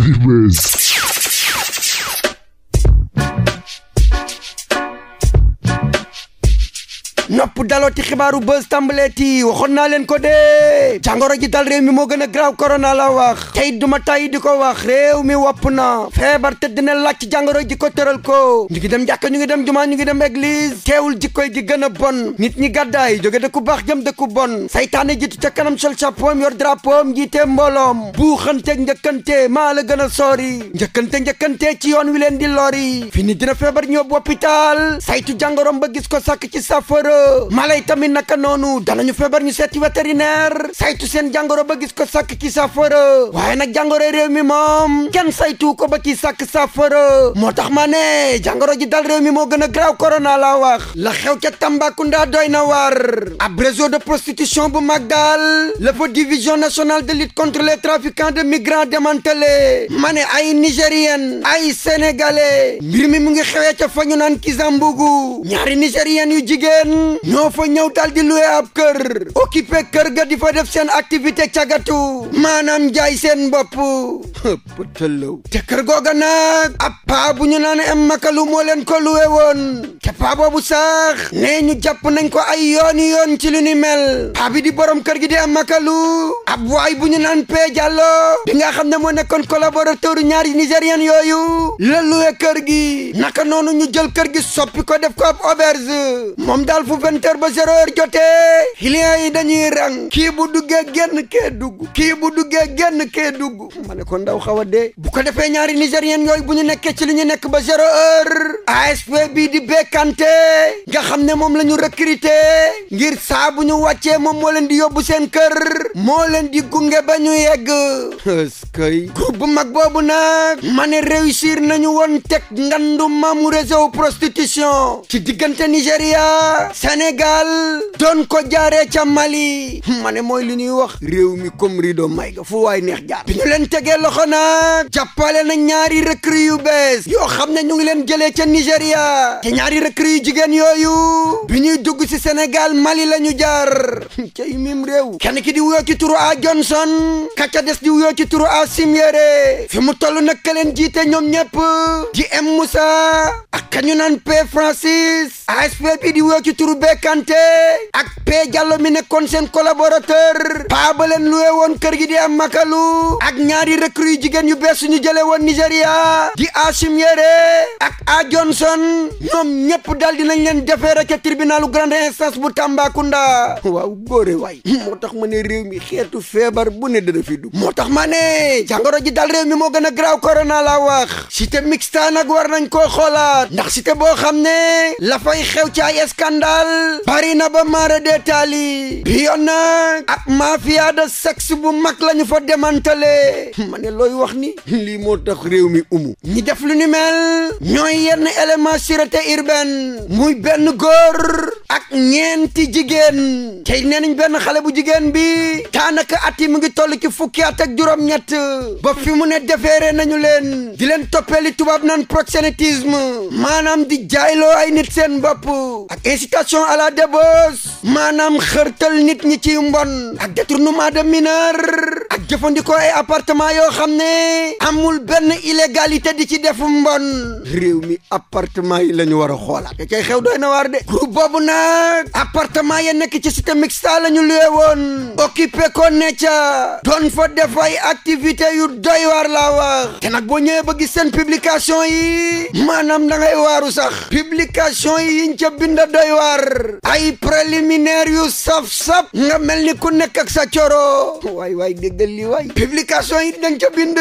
Heavy Mess. nopp dalooti xibaaru buzz tàmbaleeti waxoon naa leen ko dee jàngoro ji dal réew mi moo gën a graaw korona la wax tey duma tàyyi di ko wax réew mi wopp na feebar te dina laaj jàngoro ji ko tëral ko ñu ngi dem jàkka ñu ngi dem jumaa ñu ngi dem église teewul jikkoy ji gën a bon nit ñi gàddaay jóge ku baax jëm da dëkku bon saytaane jiitu ca kanam sol chapeau yor drapeau jiite mbooloom buuxanteeg njëkkante maa la gën a soori njëkkante njëkkante ci yoon wi leen di lori fini dina feebar ñëw hôpital saytu jàngoroom ba gis ko sàkk ci safara mala yi tamit naka noonu danañu feebar ñu seeti vétérinaire saytu seen jàngoro ba gis ko sakk ki saafara waaye nag jàngoro réew mi moom kenn saytu ko ba ki sàkk saafara moo tax ma ne jàngoro ji dal réew mi moo gën a graaw corona la wax la xew ca Tambacounda doy na war ab réseau de prostitution bu mag daal la fa division nationale de lutte contre les trafiquants de migrants démantelé ma ne ay nigérienne ay sénégalais mbir mi mu ngi xewee ca fa ñu naan Kizambugu ñaari nigérienne yu ñoo fa ñëw dal luwe ab kër occupé kër ga di fa def seen activité cagatu maanaam jaay seen bopp pëtëlëw te kër googa nag ab bu ñu naan em makalu moo leen ko luwe woon te paa boobu sax nee ñu jàpp nañ ko ay yooni yoon ci lu ni mel paa di borom kër gi di em makalu ab waay bu ñu naan pee jàllo bi xam ne moo nekkoon collaborateur ñaari nigérien yooyu la luwe kër gi naka noonu ñu jël kër gi soppi ko def ko ab auberge moom daal fu bu vingt heures ba zéro heure jotee clients yi dañuy rang kii bu duggee génn kee dugg kii bu duggee génn kee dugg ma kon ko ndaw xaw a dee bu ko defee ñaari nigériens yooyu bu ñu nekkee ci li ñu nekk ba zéro a ASP bii di Bekante nga xam ne moom lañu ñu ngir saa bu ñu wàccee moom moo leen di yóbbu seen kër moo leen di gunge ba ñu yegg eskay groupe bu mag boobu nag ma ne réussir nañu woon teg ngandu maamu réseau prostitution ci diggante Nigéria Sénégal doon ko jaaree ca Mali ma ne mooy lu ñuy wax réew mi comme rido may ga fu waay neex jaar bi ñu leen tegee loxo nag jàppale na ñaari recrue yu bees yoo xam ne ñu ngi leen jëlee ca Nigéria te ñaari recrue yu jigéen yooyu bi ñuy dugg si senegal Mali lañu ñu jaar cay réew kenn ki di wuyoo ci turu A Johnson ka des di wuyoo ci turu A Simiéré fi mu toll nag ka leen jiite ñoom ñëpp di M Moussa ak ka ñu naan P Francis ASP bi di wuyoo ci turu Ndoumbé Kanté ak P Diallo mi nekkoon seen collaborateur paa ba leen luwe woon kër gi di am makalu ak ñaari recrue yi jigéen yu bees ñu jëlee woon Nigéria di a Yere ak A Johnson ñoom ñëpp daal dinañ leen defeere ca tribunalu grande instance bu Tambacounda waaw góore waay moo tax ma ne réew mi xeetu feebar bu ne dana fi du moo tax ma ne jàngoro ji dal réew mi moo gën a graaw corona laa wax cité mixte nag war nañ koo xoolaat ndax cité boo xam ne la xew ci ay scandale dal bari na ba maara deetaali bi yoon nag ab mafia de sexe bu mag lañu fa demantale ma looy wax ni lii moo tax réew mi umu ñi def lu ni mel ñooy yenn élément sûreté urbaine muy benn góor ñeenti jigéen tey nee nañ benn xale bu jigéen bi daanaka at yi mu ngi toll ki fukki at ak juróom-ñett bopp fi mu ne defeere nañu leen di leen toppee li tubaab naan proxénétisme maanaam di jaayloo ay nit seen bopp ak incitation à la débauche maanaam xërtal nit ñi ci mbon ak détournement de mineur jëfandikoo ay appartement yoo xam ne amul benn illégalité di ci def mbon réew mi appartement yi lañu ñu war a xoolaat da xew doy na waar de groupe boobu nag appartement ya nekk ci cité mixta lañu ñu luwe woon occupé ko ne ca doon def ay activité yu doy waar laa wax te nag boo ñëwee ba gis seen publication yi maanaam da ngay waaru sax publication yi yiñ ca bind doy waar ay préliminaire yu saf-saf nga mel ni ku nekk ak sa coro li waay publication yi dañ ca bind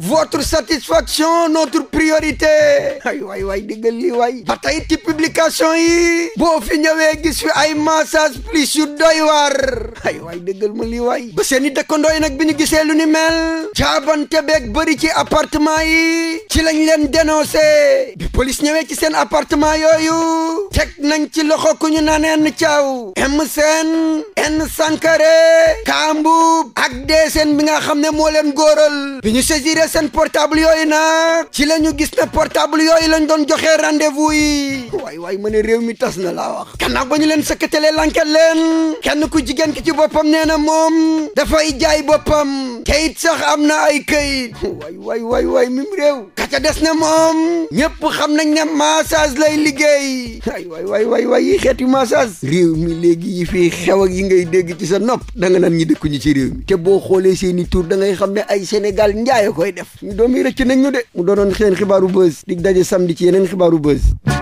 votre satisfaction notre priorité ay waay waay diggal li waay ba tey ci publication yi boo fi ñëwee gis fi ay massage plus yu doy waar ay waay déggal ma li waay ba seeni dëkkandoo nag bi ñu gisee lu ni mel jaabante beeg bëri ci appartement yi ci lañ leen dénoncé bi police ñëwee ci seen appartement yooyu teg nañ ci loxo ku ñu naneen caaw m seen n sankare kaambub ak dese seen bi nga xam ne moo leen góoral bi ñu saisiré seen portable yooyu nag ci la ñu gis ne portable yooyu lañ doon joxe rendez-vous yi waay waay ma ne réew mi tas na laa wax kannaaw ba ñu leen sëkkatale lanket leen kenn ku jigéen ki ci boppam nee na moom dafay jaay boppam kayit sax am na ay kayit way way way waay mim des ne moom ñëpp xam nañ ne massage lay liggéey ay waay waay waay waay yi xeetu massage réew mi léegi yi fi xew ak yi ngay dégg ci sa nopp da nga naan ñi dëkkuñu ci réew mi te boo xoolee seeni seen i tur da ngay xam ne ay Sénégal njaay koy def ñu doom yi rëcc nañ ñu de mu doonoon xeen xibaaru buzz dig daje samedi ci yeneen xibaaru buzz